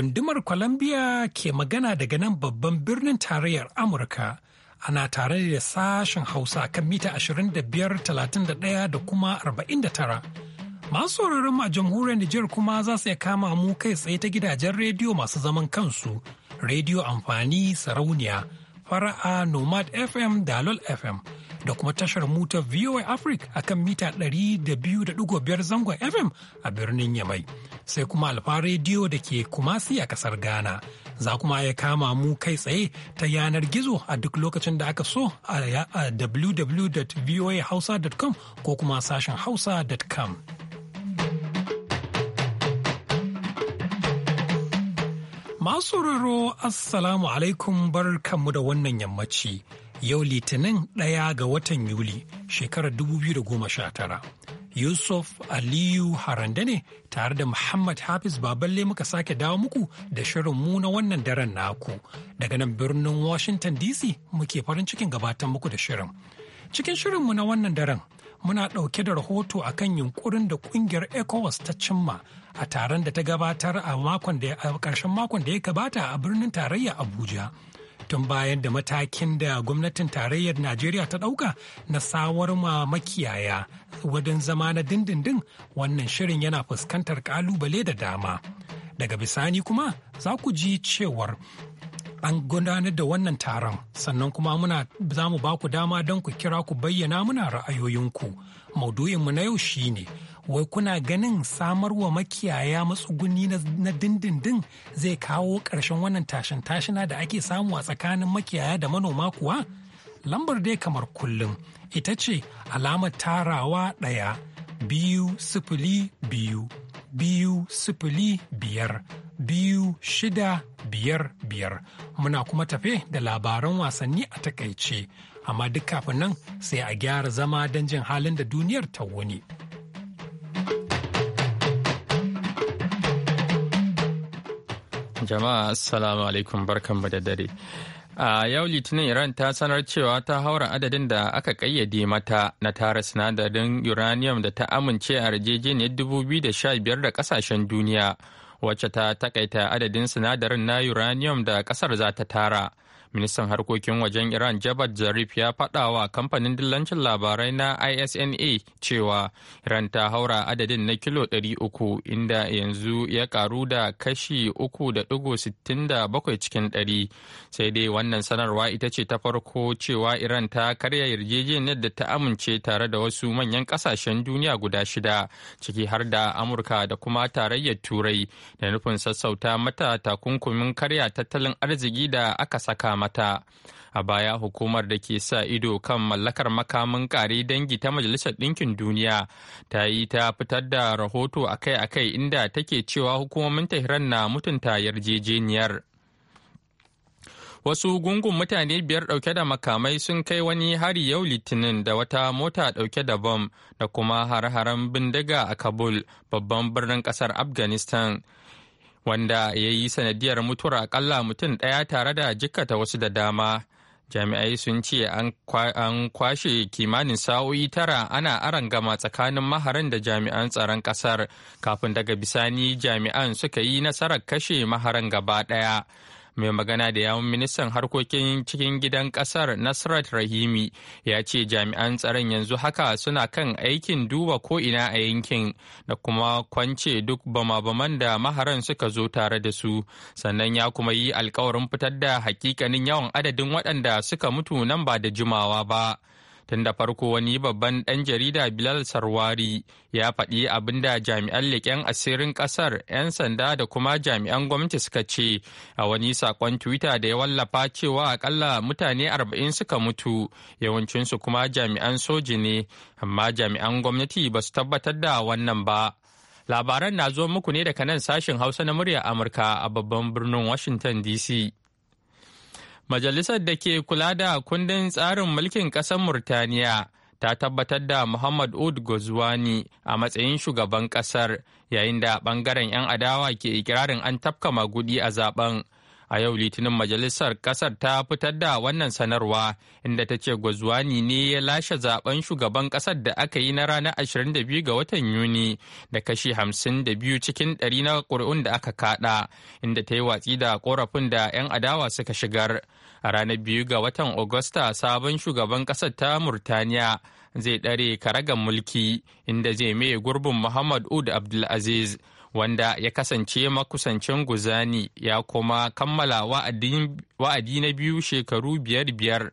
gundumar Columbia ke magana daga nan babban birnin tarayyar Amurka. Ana tare da sashen Hausa kan mita 25,31 da kuma 49. Masu sauraron mu a jamhuriyar Nijar kuma za su iya kama mu kai tsaye ta gidajen rediyo masu zaman kansu, rediyo amfani sarauniya, fara'a Nomad FM da Lol FM. da kuma tashar muta VOA Africa akan mita 200.5 zangon FM a birnin Yamai. Sai kuma Alfa Rediyo da ke Kumasi a kasar Ghana. Za kuma ya kama mu kai tsaye ta yanar gizo a duk lokacin da aka so a www.voahausa.com ko kuma sashen hausa.com. Masu sauraro Assalamu alaikum bar kanmu da wannan yammaci. yau litinin ɗaya ga watan Yuli shekarar 2019. Yusuf Aliyu Haranda ne tare da Muhammad Hafiz Baballe muka sake dawo muku da shirin mu na wannan daren naku. Daga nan birnin Washington DC muke farin cikin gabatan muku da shirin. Cikin shirin mu na wannan daren muna ɗauke da rahoto a kan yunkurin da ƙungiyar ECOWAS ta cimma a taron da ta gabatar a ƙarshen makon da ya gabata a birnin tarayya Abuja. tun bayan da matakin da gwamnatin tarayyar najeriya ta ɗauka na sawar ma makiyaya wajen zama na dindindin wannan shirin yana fuskantar ƙalubale da dama daga bisani kuma za ku ji cewar an gudanar da wannan taron sannan kuma muna za mu ba ku dama don ku kira ku bayyana muna ra'ayoyinku maudu'inmu na yau shine ne wai kuna ganin samar wa makiyaya matsuguni na dindindin zai kawo ƙarshen wannan tashin tashina da ake samu a tsakanin makiyaya da manoma kuwa lambar dai kamar kullum ita ce alamar tarawa ɗaya biyu sifili biyu biyu sifili biyar biyu shida biyar biyar muna kuma tafe da labaran wasanni a takaice amma duk kafin nan sai a gyara zama don jin halin da duniyar ta wuni. Jama'a assalamu alaikum barkanmu da dare. A yau Litinin Iran ta sanar cewa ta haura adadin da aka kayyade mata na tara sinadarin uranium da ta amince a yarjejeniyar 2015 da kasashen duniya wacce ta takaita adadin sinadarin na uranium da kasar za ta tara. ministan harkokin wajen iran jabat zarif ya faɗa wa kamfanin dillancin labarai na isna cewa iran ta haura adadin na kilo 300 inda yanzu ya karu da kashi 3.67 cikin 100 sai dai wannan sanarwa ita ce ta farko cewa iran ta karya yarjejeniyar da ta amince tare da wasu manyan kasashen duniya guda shida ciki har da amurka da kuma tarayyar turai da nufin sassauta mata takunkumin karya tattalin arziki da aka saka mata a baya hukumar da ke sa ido kan mallakar makamin kare dangi ta majalisar ɗinkin duniya ta yi ta fitar da rahoto akai-akai inda take cewa hukumomin tehran na mutunta yarjejeniyar wasu gungun mutane biyar ɗauke da makamai sun kai wani hari yau litinin da wata mota ɗauke da bom da kuma har-haren bindiga a kabul babban birnin ƙasar afghanistan wanda ya yi sanadiyar mutuwar akalla mutum ɗaya tare da jikkata wasu da dama jami'ai sun ce an kwashe kimanin sa'o'i tara ana aran gama tsakanin maharan da jami'an tsaron kasar kafin daga bisani jami'an suka yi nasarar kashe maharan gaba ɗaya mai magana da yawun ministan harkokin cikin gidan kasar nasrat rahimi ya ce jami'an tsaron yanzu haka suna kan aikin duba ko'ina a yankin da kuma kwance duk bama-baman da maharan suka zo tare da su sannan ya kuma yi alkawarin fitar da hakikanin yawan adadin waɗanda suka mutu nan ba da jimawa ba tun da farko wani babban ɗan jarida bilal sarwari ya faɗi abin da jami'an leƙen asirin ƙasar 'yan sanda da kuma jami'an gwamnati suka ce a wani saƙon twitter da ya wallafa cewa akalla mutane arba'in suka mutu yawancinsu kuma jami'an soji ne amma jami'an gwamnati ba su tabbatar da wannan ba labaran na zo muku ne daga nan sashen hausa na murya amurka a babban birnin washington dc Majalisar da ke kula da kundin tsarin mulkin ƙasar Murtaniya ta tabbatar da Muhammad Ud Gozwani a matsayin shugaban ƙasar yayin da ɓangaren 'yan adawa ke ikirarin an tafka magudi a zaben. A yau Litinin Majalisar ƙasar ta fitar da wannan sanarwa inda ta ce Gozwani ne ya lashe zaben shugaban ƙasar da aka yi na ranar 22 ga watan Yuni da kashi 52 cikin 100 na ƙuri'un da aka kaɗa inda ta yi watsi da ƙorafin da 'yan adawa suka shigar. a ranar biyu ga watan Agusta sabon shugaban ƙasar ta Murtaniya zai ɗare karagan mulki inda zai maye gurbin Muhammad Ud Abdulaziz wanda ya kasance makusancin Guzani ya kuma kammala wa'adi na biyu shekaru biyar biyar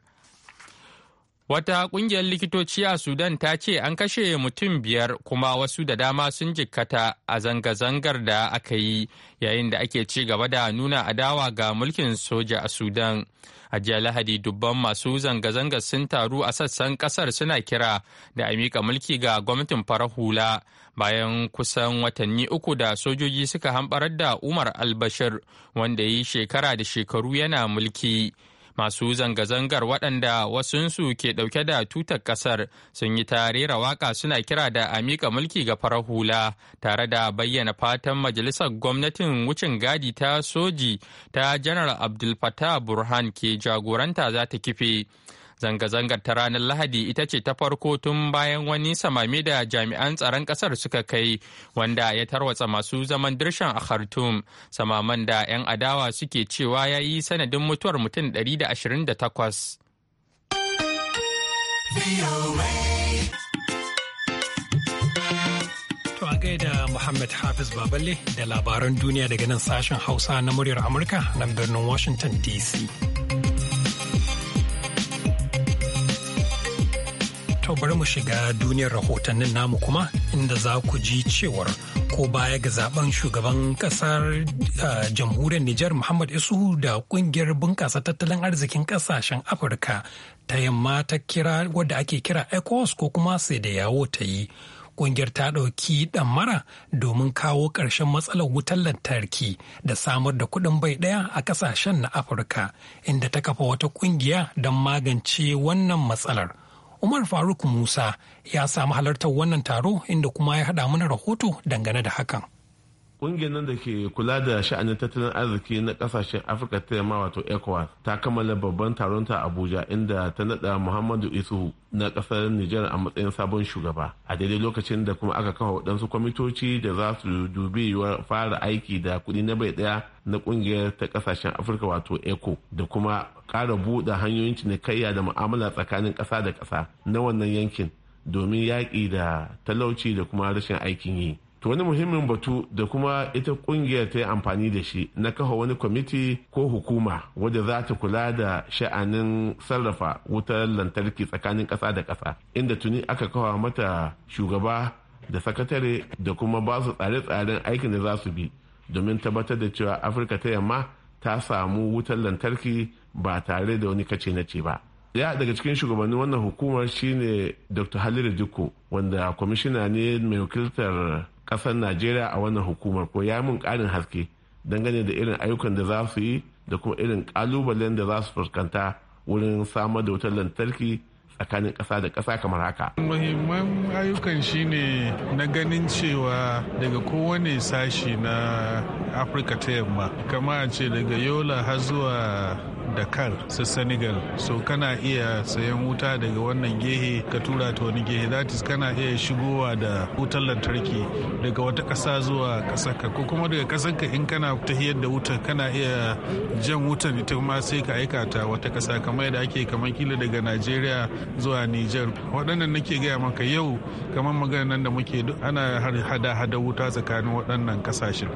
Wata ƙungiyar likitoci a Sudan ta ce an kashe mutum biyar kuma wasu da dama sun jikkata a zanga-zangar da aka yi yayin da ake ci gaba da nuna adawa ga mulkin soja a Sudan. A jiya Lahadi dubban masu zanga-zangar sun taru a sassan ƙasar suna kira da a mika mulki ga gwamnatin farar hula bayan kusan watanni uku da sojoji suka hamɓarar da Umar Albashir wanda ya yi shekara da shekaru yana mulki. masu zanga-zangar waɗanda wasunsu ke ɗauke da tutar ƙasar sun yi tarera waka waƙa suna kira da a miƙa mulki ga farar hula tare da bayyana fatan majalisar gwamnatin wucin gadi ta soji ta janar abdul burhan ke jagoranta za ta kife Zanga-zangar ta ranar Lahadi ita ce ta farko tun bayan wani samame da jami'an tsaron kasar suka kai wanda ya tarwatsa masu zaman dirshan a Khartoum. Samaman da 'yan adawa suke cewa ya yi sanadin mutuwar mutum 128. gaida Muhammad Hafiz Baballe da labaran duniya daga nan sashen Hausa na muryar Amurka nan birnin Washington DC. To bari mu shiga duniyar rahotannin namu kuma inda za ku ji cewar ko baya ga zaben shugaban kasar jamhuriyar Nijar Muhammad Isuhu da kungiyar bunƙasa tattalin arzikin ƙasashen Afirka ta yamma ta kira wadda ake kira ECOWAS ko kuma sai da yawo ta yi. Kungiyar ta ɗauki ɗamara domin kawo ƙarshen matsalar wutar lantarki da samar da kuɗin bai ɗaya a ƙasashen na Afirka, inda ta kafa wata ƙungiya don magance wannan matsalar. Umar Faruk Musa ya samu halartar wannan taro inda kuma ya haɗa mana rahoto dangane da hakan. Ƙungiyar nan da ke kula da sha'anin tattalin arziki na kasashen Afirka ta yamma wato ECOWAS ta kammala babban taron ta Abuja inda ta naɗa Muhammadu isu na kasar Nijar a matsayin sabon shugaba. A daidai lokacin da kuma aka kafa waɗansu kwamitoci da za su dubi fara aiki da kuɗi na bai ɗaya na ƙungiyar ta ƙasashen Afirka wato ECO da kuma ƙara buɗe hanyoyin cinikayya da mu'amala tsakanin ƙasa da ƙasa na wannan yankin domin yaƙi da talauci da kuma rashin aikin yi. To wani muhimmin batu da kuma ita kungiyar ta yi amfani da shi na kafa wani kwamiti ko hukuma wadda za ta kula da sha'anin sarrafa wutar lantarki tsakanin ƙasa da kasa inda tuni aka kawa mata shugaba da sakatare da kuma ba su tsare-tsaren aikin da za su bi domin tabbatar da cewa afirka ta yamma ta samu wutar lantarki ba tare da wani kace na ce ba. ya daga cikin shugabannin wannan hukumar shine dr halilu dukko wanda kwamishina ne mai wakiltar kasar najeriya a wannan hukumar ko ya mun karin haske dangane da irin ayyukan da za su yi da kuma irin kalubalen da za su fuskanta wurin samar da wutar lantarki tsakanin ƙasa da ƙasa kamar haka. Muhimman ayyukan shi ne na ganin cewa daga kowane sashi na Afirka ta yamma, kama a ce daga Yola har zuwa dakar su senegal so kana iya sayan wuta daga wannan gehe ka tura ta wani gehe that is kana iya shigowa da wutar lantarki daga wata ƙasa zuwa ƙasarka ko kuma daga ƙasarka in kana tahiyar da wutar kana iya jan wutar ita ma sai ka aika ta wata ƙasa kamar yadda ake kamar kila daga najeriya zuwa niger waɗannan nake gaya maka yau kamar maganar nan da muke ana hada-hada wuta tsakanin waɗannan ƙasashen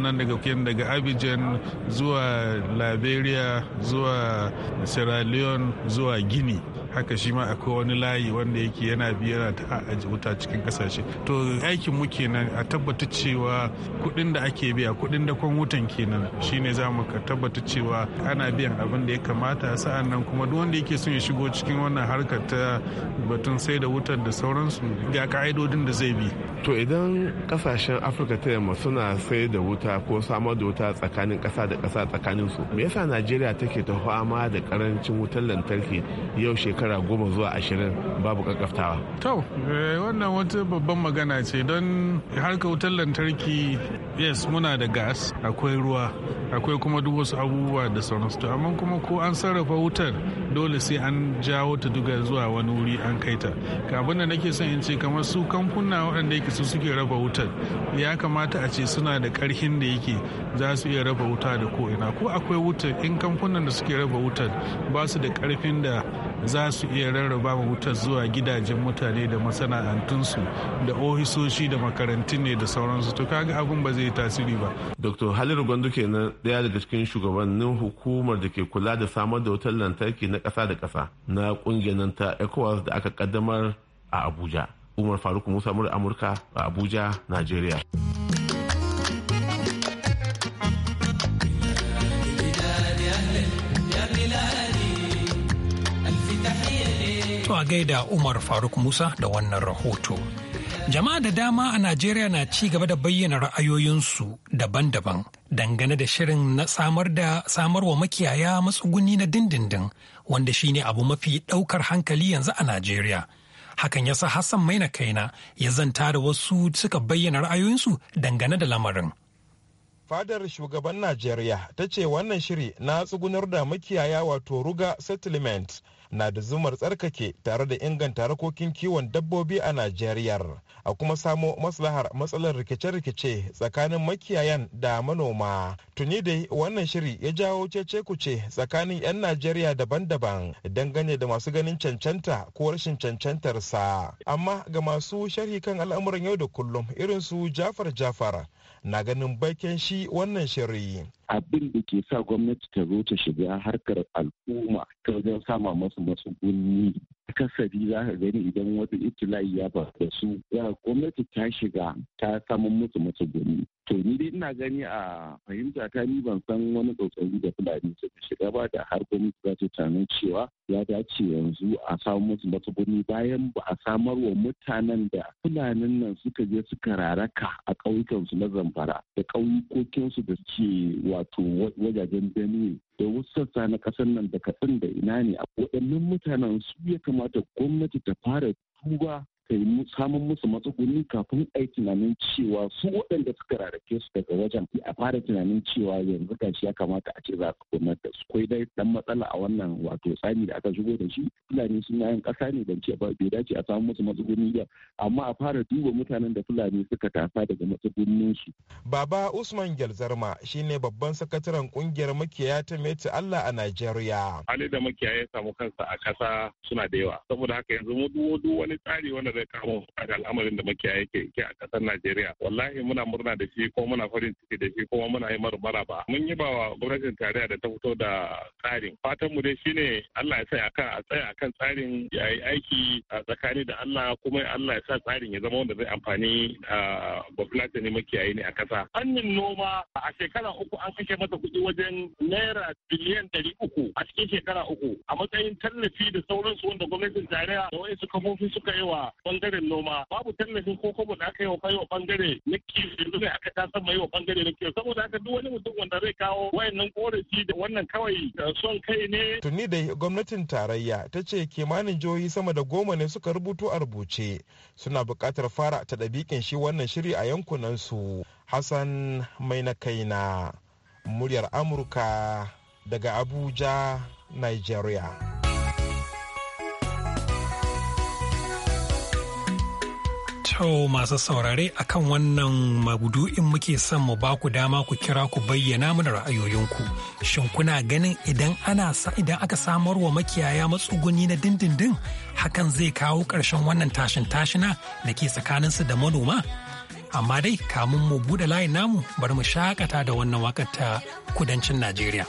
nan daga daga abidjan zuwa liberia zuwa zuwa sierra leone zuwa Guinea. haka shi ma akwai wani layi wanda yake yana biya yana ta aji wuta cikin kasashe to aikin mu kenan a tabbata cewa kuɗin da ake biya kuɗin da kwan wutan kenan shine za mu tabbata cewa ana biyan abin da ya kamata sa'an nan kuma duk wanda yake son ya shigo cikin wannan harkar ta batun sai da wutar da sauransu ga ka'idodin da zai bi to idan kasashen afirka ta yamma suna sai da wuta ko samar da wuta tsakanin ƙasa da ƙasa tsakanin su me yasa najeriya take ta fama da karancin wutar lantarki yau shekara shekara goma zuwa ashirin babu To, eh, wannan wata babban magana ce don harka wutar lantarki yes muna da gas akwai ruwa akwai kuma duk wasu abubuwa da sauransu to amma kuma ko an sarrafa wutar dole sai an jawo ta duka zuwa wani wuri an kai ta abin da nake son in ce kamar su kamfuna waɗanda yake su suke raba wutar ya kamata a ce suna da ƙarfin da yake za su iya raba wuta da ko ina ko akwai wutar in kamfunan da suke raba wutar ba su da ƙarfin da za su iya rarraba wutar zuwa gidajen mutane da masana'antunsu da ofisoshi da makarantun ne da sauransu to kaga abin ba zai tasiri ba. Dr. Halil Gwandu kenan daya daga cikin shugabannin hukumar da ke kula da samar da wutar lantarki na kasa da kasa na ƙungiyar ta ECOWAS da aka kaddamar a Abuja. Umar Faruk Musa Amurka a Abuja, Najeriya. a gaida Umar Faruk Musa da wannan rahoto. Jama'a da dama a Najeriya na ci gaba da bayyana ra'ayoyinsu daban-daban dangane da shirin na samar da samarwa makiyaya matsuguni na dindindin wanda shine abu mafi ɗaukar hankali yanzu a Najeriya. Hakan yasa Hassan Maina kaina ya zanta da wasu suka bayyana ra'ayoyinsu dangane da lamarin. fadar shugaban najeriya ta ce wannan shiri na tsugunar da makiyaya wato ruga settlement na da zumar tsarkake tare da inganta harkokin kiwon dabbobi a Najeriya a kuma samo maslahar matsalar rikice-rikice tsakanin makiyayan da manoma. Tuni dai wannan shiri ya jawo cece kuce tsakanin 'yan Najeriya daban-daban dangane da masu ganin cancanta ko rashin cancantarsa. Amma ga masu sharhi kan al'amuran yau da kullum irin su Jafar Jafar na ganin bakin shi wannan shirin. Abin da ke sa gwamnati ta zo ta shiga harkar al'umma ta wajen sama masu matsugunni kasari za ka gani idan wata itila ya faru da su ya gwamnati ta shiga ta samun musu matsuguni to ni dai ina gani a fahimta ta ni ban san wani tsotsari da fulani suka shiga ba da har gwamnati za ta tunanin cewa ya dace yanzu a samu musu matsuguni bayan ba a samar wa mutanen da fulanin nan suka je suka raraka a ƙauyukansu na zamfara da ƙauyukokinsu da suke wato wajajen benue da wasu sassa na ƙasar nan da kaɗan da ina ne a waɗannan mutanen su ya kamata gwamnati ta fara tuba ka yi samun musu matsuguni kafin a yi tunanin cewa su waɗanda suka rarrake su daga wajen a fara tunanin cewa yanzu gashi ya kamata a ce za su da su kai dai dan matsala a wannan wato tsami da aka shigo da shi fulani suna yi ƙasa ne dan ce bai dace a samu musu matsuguni ba amma a fara duba mutanen da fulani suka tafa daga matsugunnin su. Baba Usman Gyalzarma shine babban sakataren kungiyar makiyaya ta Meti Allah a Najeriya. Hali da makiyaya ya samu kansa a ƙasa suna da yawa saboda haka yanzu mu duk wani tsari wanda zai kawo da al'amarin da makiyaya yake ke a kasar Najeriya. Wallahi muna murna da shi ko muna farin ciki da shi ko muna yi mar ba. Mun yi bawa gwamnatin tarayya da ta fito da tsarin. Fatan mu dai shine Allah ya tsaya a tsaya kan tsarin ya yi aiki a tsakani da Allah kuma Allah ya sa tsarin ya zama wanda zai amfani a bafulatani makiyayi ne a ƙasa. Hanyar noma a shekara uku an kashe mata kuɗi wajen naira biliyan ɗari uku a cikin shekara uku a matsayin tallafi da sauransu wanda gwamnatin tarayya da wasu kafofi suka yi wa bangaren noma babu tallafin ko kuma da aka yi wa wa bangare na kiwo ne aka ta san mai wa bangare na kiwo saboda haka duk wani mutum wanda zai kawo wayannan korafi da wannan kawai son kai ne. Tuni da gwamnatin tarayya ta ce kimanin jihohi sama da goma ne suka rubutu a rubuce suna buƙatar fara ta ɗabiƙin shi wannan shiri a yankunan su. Hassan mai na kaina muryar Amurka daga Abuja, Nigeria. To masu saurare akan wannan mabudu'in muke son mu baku dama ku kira ku bayyana mana ra'ayoyinku. Shin kuna ganin idan ana sa idan aka samar wa makiyaya matsuguni na dindindin hakan zai kawo ƙarshen wannan tashin tashina da ke tsakaninsu da manoma? Amma dai kamun mu buɗe layin namu bari mu shakata da wannan wakar kudancin Najeriya.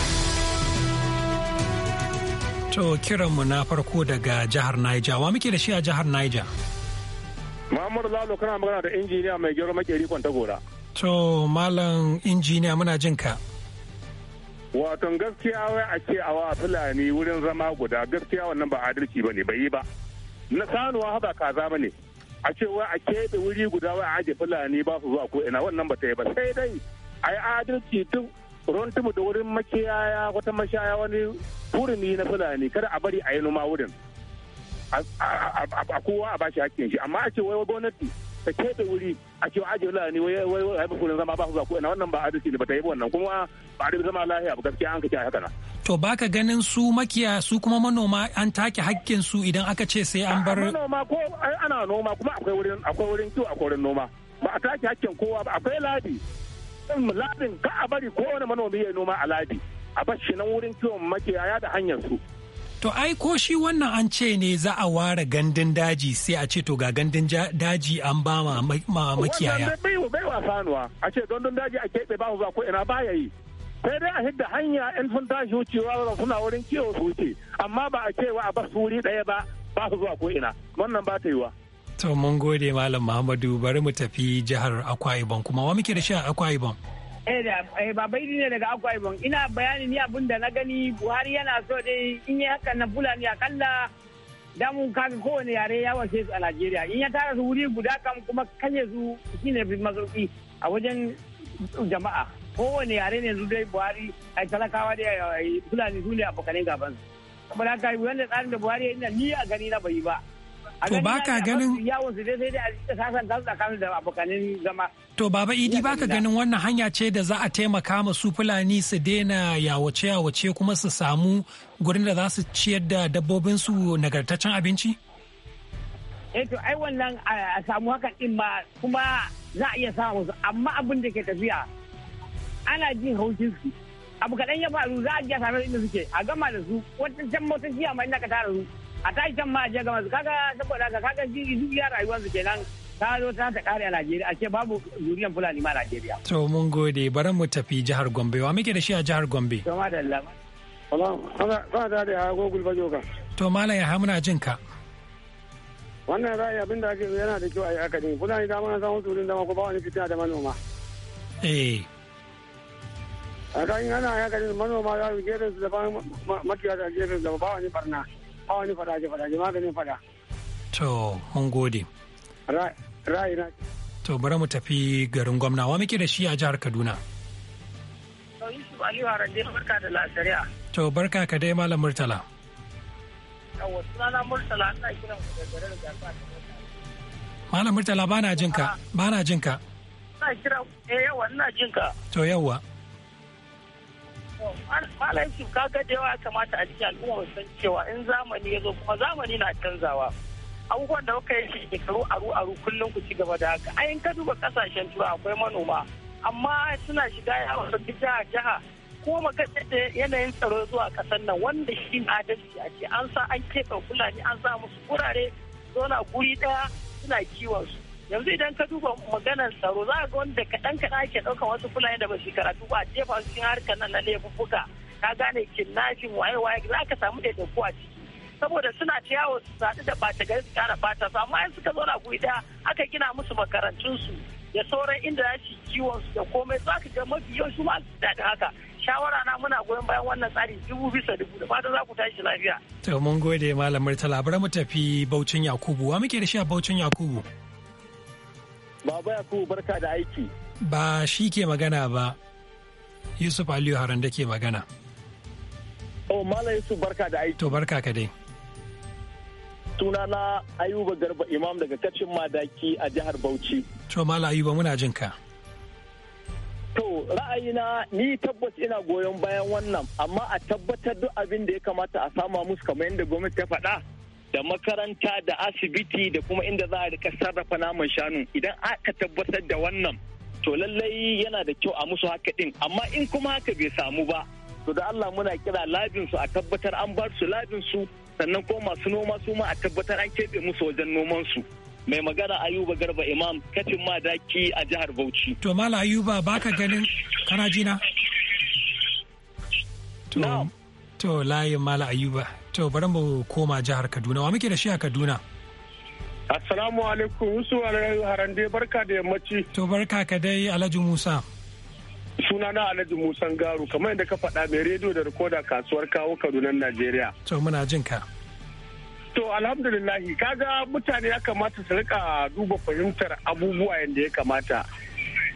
To kiranmu na farko daga jihar Niger. Wa muke da shi a jihar Niger? Muhammadu Lalo kana magana da injiniya mai gero makeri gora. To malam injiniya muna jin ka. Wato gaskiya wai a ce awa Fulani wurin zama guda gaskiya wannan ba adalci ba ne bai yi ba. Na sanuwa haka kaza ba ne. A ce wai a keɓe wuri guda wai a ajiye Fulani ba su zuwa ko ina wannan ba ta yi ba sai dai a yi adalci duk ruwan tumu da wurin makiyaya wata mashaya wani furumi na fulani kada a bari a yi noma wurin a kowa a bashi hakkin shi amma a ce wai gwamnati ta keɓe wuri a ce aje fulani wai wai wai ba kullun zama ba su ko ina wannan ba adalci ne ba ta yi wannan kuma ba da zama lahiya ba gaskiya an kace haka na to baka ganin su makiya su kuma manoma an take hakkin su idan aka ce sai an bar manoma ko ana noma kuma akwai wurin akwai wurin kiwo akwai wurin noma ba a take hakkin kowa ba akwai ladi din labin ka a bari kowane manomi ya noma a labi a bashi nan wurin kiwon makiyaya da hanyar su To ai ko shi wannan an ce ne za a ware gandun daji sai a ce to ga gandun daji an ba ma makiyaya. Wannan bai wa sanuwa a ce gandun daji a keɓe ba zuwa ko ina ba ya yi. Sai dai a hidda hanya in sun tashi wucewa suna wurin kiwo su wuce amma ba a cewa a bas wuri ɗaya ba ba su zuwa ko ina wannan ba ta yiwa. To mun gode Malam Muhammadu bari mu tafi jihar Akwa Ibom kuma wa muke da shi a Akwa Ibom? Eh da eh, baba idi ne daga Akwa Ibom ina bayani ni abin da na gani Buhari yana so dai in yi hakan na Fulani a akalla damun kaga kowane yare ya wace su a Najeriya in ya tara su wuri guda kam kuma kanye su shine mazauki a wajen jama'a kowane yare ne su dai Buhari ai talakawa da Fulani su ne abokanin gaban su. Saboda haka wanda tsarin da Buhari ya yi ni a gani na bai ba. to ba ka ganin yawon su sasan tsakanin da abokanin zama to baba idi ba ka ganin wannan hanya ce da za a taimaka ma su fulani su daina yawace yawace kuma su samu gurin da za su ciyar da dabbobin su nagartaccen abinci eh to ai wannan a samu hakan din ma kuma za a iya samu amma abin da ke tafiya ana jin haushin su abu kaɗan ya faru za a iya samu inda suke a gama da su wata can motar jiya ma ina ka tara su a tashi can ma a je gama kaga saboda haka kaga zuciya rayuwarsu kenan ta zo ta ta kare a Najeriya a ce babu zuriyan Fulani ma a Najeriya. To mun gode bari mu tafi jihar Gombe wa muke da shi a jihar Gombe. To ma da Allah. Ba da da Gogul joka. To Malam ya hamuna jin ka. Wannan ra'ayi abin da ake yana da kyau a yi akadi. Fulani da mana samun turin dama ko ba wani fitina da manoma. Eh. A kan ya yakadin manoma za su gefe su da makiya da gefe su da ba wani barna. A wani fadaje fadaje maganin fada to mun gode ra'ayina to bari mu tafi garin gwamna wa muke da shi a jihar kaduna Yusuf Aliyu Harande barka da lasariya. To barka ka dai Malam Murtala. Yawwa sunana Murtala ana kiran ku da garin Jalfa Malam Murtala bana jin ka bana jin ka. Ina kira eh yawa ina jinka. ka. To yawa. Malam ka ga da yawa kamata a cikin al'umma san cewa in zamani ya zo kuma zamani na canzawa. Abubuwan da kuka yi shekaru aru aru kullum ku ci gaba da haka. Ayin ka duba kasashen tura akwai manoma amma suna shiga yawon jiha jiha ko magana da yanayin tsaro zuwa kasan nan wanda shi na adalci a ce an sa an keɓe ne an sa musu wurare zona guri ɗaya suna kiwon su. yanzu idan ka duba maganar tsaro za ga wanda kaɗan kaɗan ake ɗaukan wasu fulani da ba su karatu ba a jefa su cikin harkar nan na laifuffuka ka gane kinnafin waye waye za ka samu da a ciki saboda suna ta yawo su sadu da bata gari su kara bata su amma in suka zauna guri ɗaya aka gina musu makarantunsu da sauran inda za su kiwon su da komai za ka ga mafi yawan su ma da haka shawara na muna goyon bayan wannan tsari dubu bisa dubu da fata za ku tashi lafiya. To mun gode malamar ta mu tafi Baucin Yakubu wa muke da shi a Baucin Yakubu. Baba ya Yakubu barka da aiki. Ba shi ke magana ba, Yusuf Aliyu Haran da ke magana. Oh, Malam Yusuf barka da aiki. To barka ka dai. Sunana Ayuba Garba Imam daga kacin Madaki a jihar Bauchi. To Malam Ayuba muna jin ka. To ra'ayina ni tabbas ina goyon bayan wannan amma a tabbatar duk abin da ya kamata a sama musu kamar yadda gwamnati ta faɗa. da makaranta da asibiti da kuma inda za a rika sarrafa naman shanu idan aka tabbatar da wannan to lallai yana da kyau a musu haka din amma in kuma haka bai samu ba to da Allah muna kira labin su a tabbatar an bar su labin su sannan ko masu noma su ma a tabbatar an keɓe musu wajen noman su mai magana ayuba garba imam katin madaki a jihar bauchi to mala ayuba baka ganin kana jina To layin Mala Ayuba. To bari mu koma jihar Kaduna. Wa muke da shi a Kaduna? Assalamu alaikum Yusuf Harande barka da yammaci. To barka ka dai Alhaji Musa. Suna na Alhaji Musa Garu kamar yadda ka faɗa mai rediyo da rikoda kasuwar kawo Kaduna Najeriya. To muna jin ka. To alhamdulillahi kaga mutane ya kamata su rika duba fahimtar abubuwa yadda ya kamata.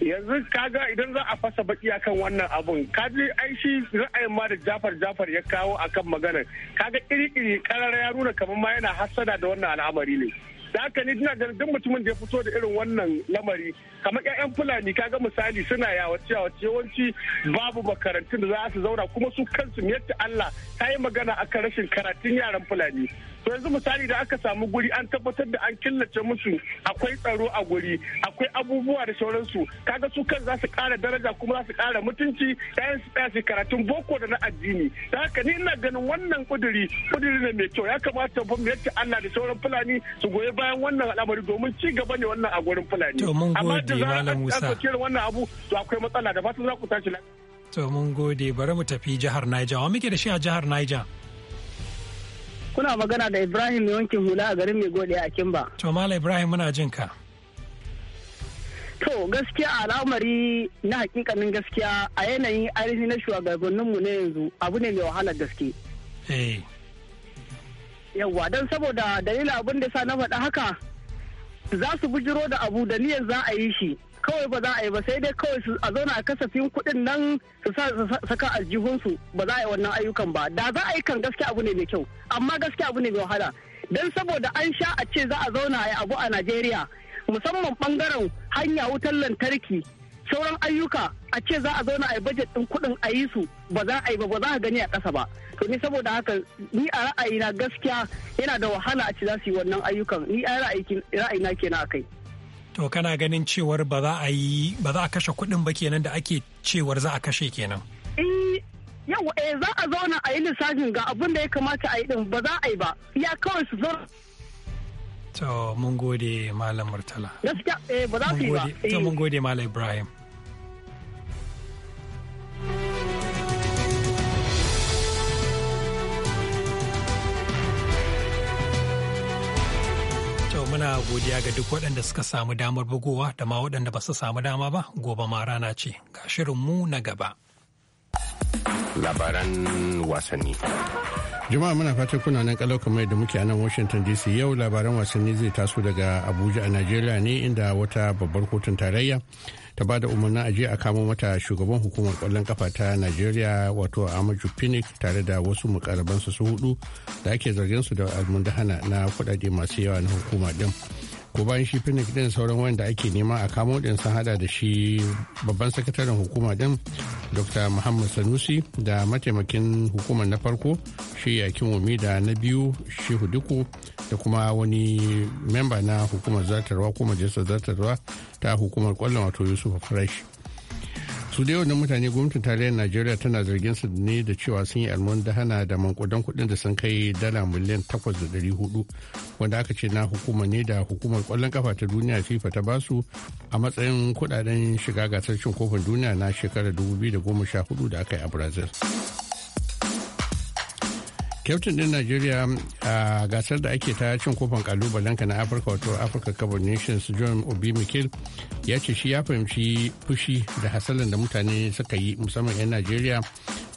yanzu kaga idan za a fasa baki akan wannan abun kaji ai shi ra'ayin ma da jafar jafar ya kawo akan magana kaga iri iri karar ya nuna kamar ma yana hasada da wannan al'amari ne da haka ni ina ganin duk mutumin da ya fito da irin wannan lamari kamar 'ya'yan fulani kaga misali suna yawace yawace yawanci babu makarantun da za su zauna kuma su kansu yadda Allah ta yi magana akan rashin karatun yaran fulani to yanzu misali da aka samu guri an tabbatar da an killace musu akwai tsaro a guri akwai abubuwa da sauransu kaga su kan za su kara daraja kuma za su kara mutunci yayin su tsaya karatun boko da na addini da haka ni ina ganin wannan kuduri kuduri ne mai kyau ya kamata gwamnati Allah da sauran fulani su goyi bayan wannan al'amari domin ci gaba ne wannan a gurin fulani amma da za a kiran wannan abu to akwai matsala da fatan za ku tashi lafiya to mun gode bari mu tafi jihar Niger wa muke da shi a jihar Niger kuna magana da ibrahim mai wankin hula a garin mai gode a kimba to mala ibrahim muna jin ka to gaskiya al'amari na hakikanin gaskiya a yanayin ainihi na mu na yanzu abu ne mai wahalar gaske eh. yawwa don saboda dalilin abin da sa na faɗa haka za su bujiro da abu da niyan za a yi shi kawai ba za a yi ba sai dai kawai su a zauna a kasafin kuɗin nan su saka aljihunsu ba za a yi wannan ayyukan ba da za a yi kan gaskiya abu ne mai kyau amma gaskiya abu ne mai wahala don saboda an sha a ce za a zauna a yi abu a najeriya musamman bangaren hanya wutar lantarki sauran ayyuka a ce za a zauna a yi bajet ɗin kuɗin a yi su ba za a yi ba ba za a gani a ƙasa ba to ni saboda haka ni a ra'ayina gaskiya yana da wahala a ce za su yi wannan ayyukan ni a ra'ayina kenan kai. to kana ganin cewar ba za a yi ba za a kashe kuɗin ba kenan da ake cewar za a kashe kenan eh, yau eh za a zauna a yi lissafin ga abin da ya kamata a yi din ba za a yi ba ya kawai su zo to mun gode malam murtala gaskiya eh ba za su yi ba to mun gode malam ibrahim godiya ga duk waɗanda suka samu damar bugowa da ma waɗanda ba su samu dama ba gobe ma rana ce ga shirinmu na gaba. Labaran wasanni. Jama'a muna fatan kuna nan kalau kamar da muke a nan Washington DC yau labaran wasanni zai taso daga Abuja a Najeriya ne inda wata babbar kotun tarayya ta ba da umarnin aje a kamo mata shugaban hukumar kwallon kafa ta Najeriya wato Amaju pinik tare da wasu mukarabansu su hudu da ake zargin su da almundahana na kudade masu yawa na hukuma din. ko bayan shi pinik din sauran wanda ake nema a kamo din sun hada da shi babban sakataren hukuma din dr muhammad sanusi da mataimakin hukumar na farko shi yakin wumi da na biyu shi huduku da kuma wani memba na hukumar zartarwa ko majalisar zartarwa ta hukumar kwallon wato yusuf fresh su da yawan mutane gwamnatin tarayyar najeriya tana zargin su ne da cewa sun yi almundahana da mankudan kudin da sun kai dala miliyan hudu wanda aka ce na hukumar ne da hukumar kwallon kafa ta duniya fifa ta basu a matsayin kudaden shiga gasar cin kofin duniya na shekarar 2014 da aka yi a brazil kyaftin din najeriya a gasar da ake ta cin kofin ka na afirka wato afirka cup nations john obi mikel ya ce shi ya fahimci fushi da hasalan da mutane suka yi musamman 'yan najeriya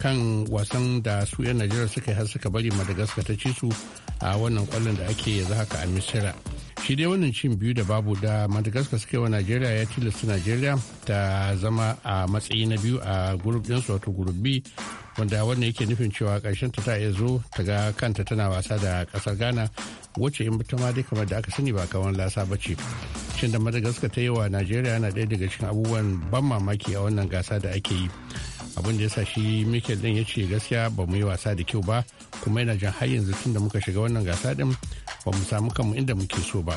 kan wasan da su 'yan najeriya suka yi har suka bari madagascar ta ci su a wannan kwallon da ake yanzu haka a misira shi dai wannan cin biyu da babu da madagascar suka yi wa najeriya ya tilasta najeriya ta zama a matsayi na biyu a gurub dinsu wato gurub wanda wannan yake nufin cewa karshen ta iya zo ta ga kanta tana wasa da kasar ghana wacce in ta ma dai kamar da aka sani ba kawan lasa ba ce cin da madagascar ta yi wa najeriya yana ɗaya daga cikin abubuwan ban mamaki a wannan gasa da ake yi abin da ya sa shi michael din ya ce gaskiya ba mu yi wasa da kyau ba kuma yana jan har yanzu tun da muka shiga wannan gasa din ba mu samu kanmu inda muke so ba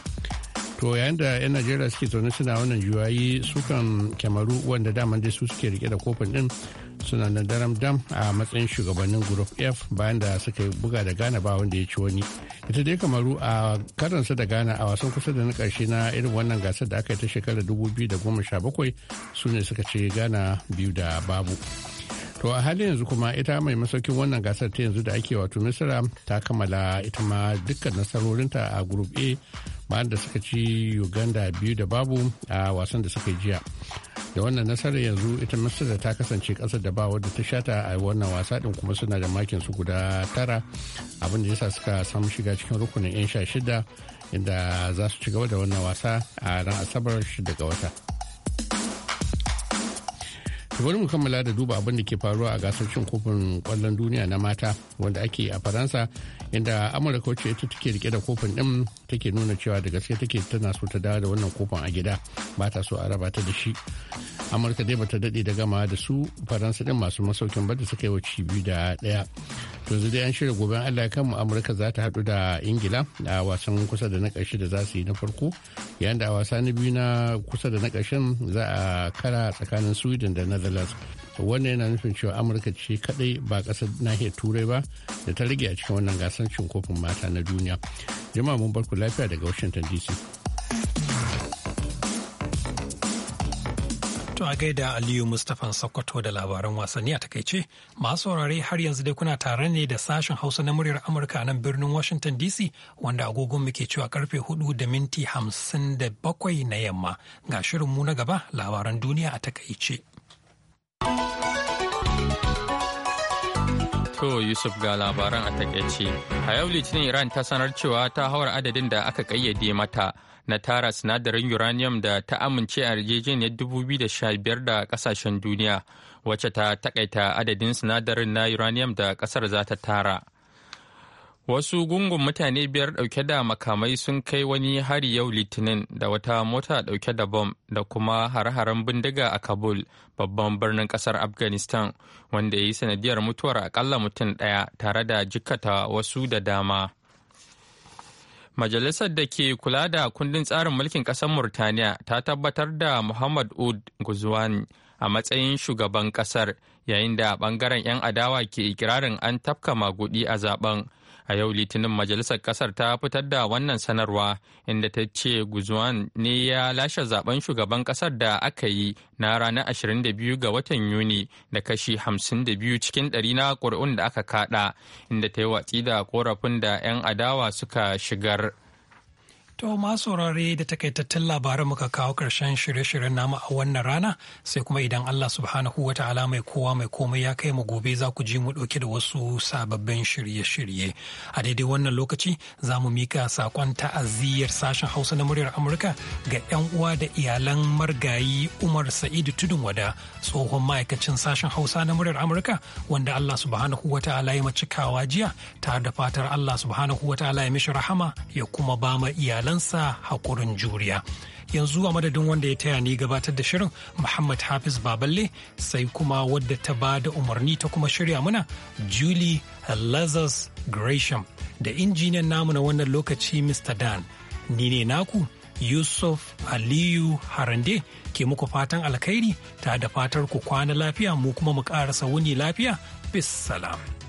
to yayin da 'yan najeriya suke zaune suna wannan juyayi sukan kyamaru wanda daman dai su suke rike da kofin din suna nan daram dam a matsayin shugabannin group f bayan da suka buga da gana ba wanda ya ci wani ita dai kamaru a karansa da gana a wasan kusa da na karshe na irin wannan gasar da aka yi ta shekarar 2017 su ne suka ce gana biyu da babu To a halin yanzu kuma ita mai masaukin wannan gasar ta yanzu da ake wato Misira ta kammala ita ma dukkan nasarorinta a Group A bayan da suka ci Uganda biyu da babu a wasan da suka jiya. Da wannan nasarar yanzu ita Misira ta kasance kasar da ba wadda ta shata a wannan wasa din kuma suna da makin su guda tara abinda yasa suka samu shiga cikin rukunin 'yan sha shida inda za su ci gaba da wannan wasa a ran asabar shida ga wata. bari mu kammala da duba abin da ke faruwa a gasar cin kofin kwallon duniya na mata wanda ake a faransa inda amurka wacce ita take rike da kofin din take nuna cewa da gaske take tana so ta dawo da wannan kofin a gida ba ta so a raba ta da shi amurka dai bata dade da gama da su faransa din masu masaukin ba da suka yi wa biyu da daya yanzu dai an shirya gobe allah kan mu amurka za ta hadu da ingila a wasan kusa da na ƙarshe da za su yi na farko yayin da wasa na biyu na kusa da na ƙarshen za a kara tsakanin sweden da netherlands wannan yana nufin cewa amurka ce kadai ba ƙasar nahiyar turai ba da ta rage a cikin wannan gasar cin kofin mata na duniya jama'a mun barku lafiya daga washington dc To a gaida Aliyu Mustapha Sokoto da labaran wasanni a takaice masu saurare har yanzu dai kuna tare ne da sashen Hausa na muryar Amurka a nan birnin Washington DC wanda agogon muke cewa karfe hudu da minti hamsin da bakwai na yamma ga shirin mu na gaba labaran duniya a takaice. To Yusuf ga labaran a takaice. A yau Litinin Iran ta sanar cewa ta hawar adadin da aka kayyade mata na tara sinadarin uranium da ta amince a yarjejeniyar 2015 da kasashen duniya wacce ta takaita adadin sinadarin na uranium da kasar za ta tara wasu gungun mutane biyar dauke da makamai sun kai wani hari yau litinin da wata mota dauke da bom da kuma hare-haren bindiga a kabul babban birnin kasar afghanistan wanda ya yi sanadiyar mutuwar akalla mutum daya tare da jikkata wasu da dama Majalisar da ke kula da kundin tsarin mulkin ƙasar Murtaniya ta tabbatar da Muhammad Ud Guzwan a matsayin shugaban ƙasar yayin da ɓangaren 'yan adawa ke ikirarin an tafka magudi a zaben A yau Litinin Majalisar kasar ta fitar da wannan sanarwa inda ta ce Guzman ne ya lashe zaben shugaban kasar da aka yi na ranar 22 ga watan Yuni da kashi 52 cikin ɗari na ƙuri'un da aka kada inda ta yi watsi da korafin da 'yan adawa suka shigar. To saurare da takaitattun labaran muka kawo karshen shirye-shiryen namu a wannan rana sai kuma idan Allah subhanahu wa ta'ala mai kowa mai komai ya kai mu gobe za ku ji mu ɗauke da wasu sababbin shirye-shirye. A daidai wannan lokaci za mu mika saƙon ta'aziyyar sashen Hausa na muryar Amurka ga 'yan uwa da iyalan margayi Umar Sa'idu Tudun Wada tsohon ma'aikacin sashen Hausa na muryar Amurka wanda Allah subhanahu wa ta'ala ya macikawa jiya tare da fatar Allah subhanahu wa ta'ala ya mishi rahama ya kuma ba mu iyalan sa haƙurin juriya yanzu a madadin wanda ya taya ni gabatar da shirin muhammad hafiz baballe sai kuma wadda ta ba da umarni ta kuma shirya muna julie lazarus gresham da injiniyan namu na wannan lokaci mr dan ni ne naku yusuf aliyu harande ke muku fatan alkhairi ta da fatar ku kwana lafiya mu kuma mu ƙarasa wuni lafiya bis salam